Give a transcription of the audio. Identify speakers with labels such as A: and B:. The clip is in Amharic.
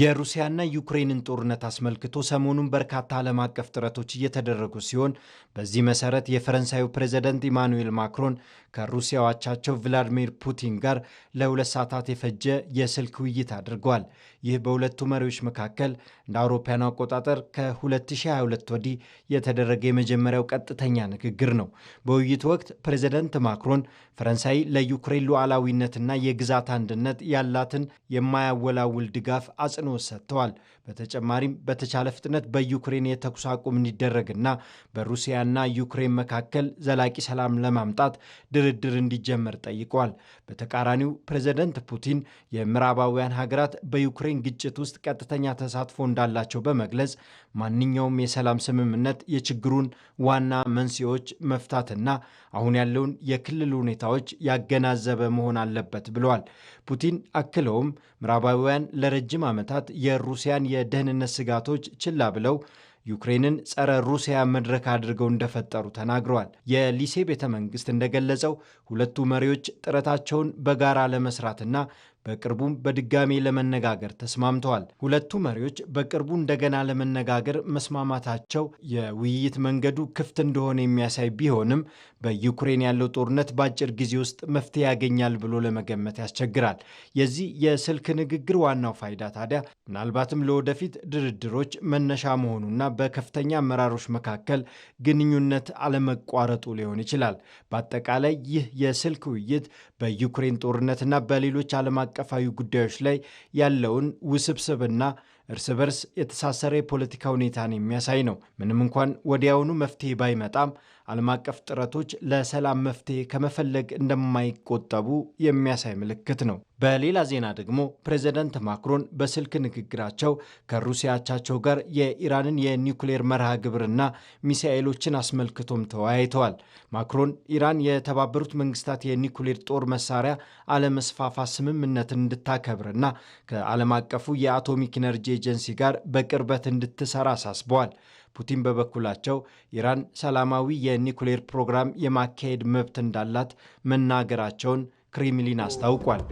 A: የሩሲያና ዩክሬንን ጦርነት አስመልክቶ ሰሞኑን በርካታ ዓለም አቀፍ ጥረቶች እየተደረጉ ሲሆን በዚህ መሰረት የፈረንሳዩ ፕሬዝደንት ኢማኑኤል ማክሮን ከሩሲያ አቻቸው ቭላዲሚር ፑቲን ጋር ለሁለት ሰዓታት የፈጀ የስልክ ውይይት አድርጓል። ይህ በሁለቱ መሪዎች መካከል እንደ አውሮፓውያኑ አቆጣጠር ከ2022 ወዲህ የተደረገ የመጀመሪያው ቀጥተኛ ንግግር ነው። በውይይቱ ወቅት ፕሬዝደንት ማክሮን ፈረንሳይ ለዩክሬን ሉዓላዊነትና የግዛት አንድነት ያላትን የማያወላውል ድጋፍ አጽ አጽንኦት ሰጥተዋል። በተጨማሪም በተቻለ ፍጥነት በዩክሬን የተኩስ አቁም እንዲደረግና በሩሲያና ዩክሬን መካከል ዘላቂ ሰላም ለማምጣት ድርድር እንዲጀመር ጠይቀዋል። በተቃራኒው ፕሬዝደንት ፑቲን የምዕራባውያን ሀገራት በዩክሬን ግጭት ውስጥ ቀጥተኛ ተሳትፎ እንዳላቸው በመግለጽ ማንኛውም የሰላም ስምምነት የችግሩን ዋና መንስኤዎች መፍታትና አሁን ያለውን የክልል ሁኔታዎች ያገናዘበ መሆን አለበት ብለዋል። ፑቲን አክለውም ምዕራባውያን ለረጅም ዓመታት መንግስታታት የሩሲያን የደህንነት ስጋቶች ችላ ብለው ዩክሬንን ጸረ ሩሲያ መድረክ አድርገው እንደፈጠሩ ተናግረዋል። የሊሴ ቤተ እንደገለጸው ሁለቱ መሪዎች ጥረታቸውን በጋራ ለመስራትና በቅርቡም በድጋሜ ለመነጋገር ተስማምተዋል። ሁለቱ መሪዎች በቅርቡ እንደገና ለመነጋገር መስማማታቸው የውይይት መንገዱ ክፍት እንደሆነ የሚያሳይ ቢሆንም በዩክሬን ያለው ጦርነት በአጭር ጊዜ ውስጥ መፍትሄ ያገኛል ብሎ ለመገመት ያስቸግራል። የዚህ የስልክ ንግግር ዋናው ፋይዳ ታዲያ ምናልባትም ለወደፊት ድርድሮች መነሻ መሆኑና በከፍተኛ አመራሮች መካከል ግንኙነት አለመቋረጡ ሊሆን ይችላል። በአጠቃላይ ይህ የስልክ ውይይት በዩክሬን ጦርነትና በሌሎች ዓለም አቀፋዊ ጉዳዮች ላይ ያለውን ውስብስብና እርስ በርስ የተሳሰረ የፖለቲካ ሁኔታን የሚያሳይ ነው። ምንም እንኳን ወዲያውኑ መፍትሄ ባይመጣም ዓለም አቀፍ ጥረቶች ለሰላም መፍትሄ ከመፈለግ እንደማይቆጠቡ የሚያሳይ ምልክት ነው። በሌላ ዜና ደግሞ ፕሬዝደንት ማክሮን በስልክ ንግግራቸው ከሩሲያቻቸው ጋር የኢራንን የኒውክሌር መርሃ ግብርና ሚሳኤሎችን አስመልክቶም ተወያይተዋል። ማክሮን ኢራን የተባበሩት መንግስታት የኒውክሌር ጦር መሳሪያ አለመስፋፋ ስምምነትን እንድታከብርና ከዓለም አቀፉ የአቶሚክ ኢነርጂ ኤጀንሲ ጋር በቅርበት እንድትሰራ አሳስበዋል። ፑቲን በበኩላቸው ኢራን ሰላማዊ የኒኩሌር ፕሮግራም የማካሄድ መብት እንዳላት መናገራቸውን ክሬምሊን አስታውቋል።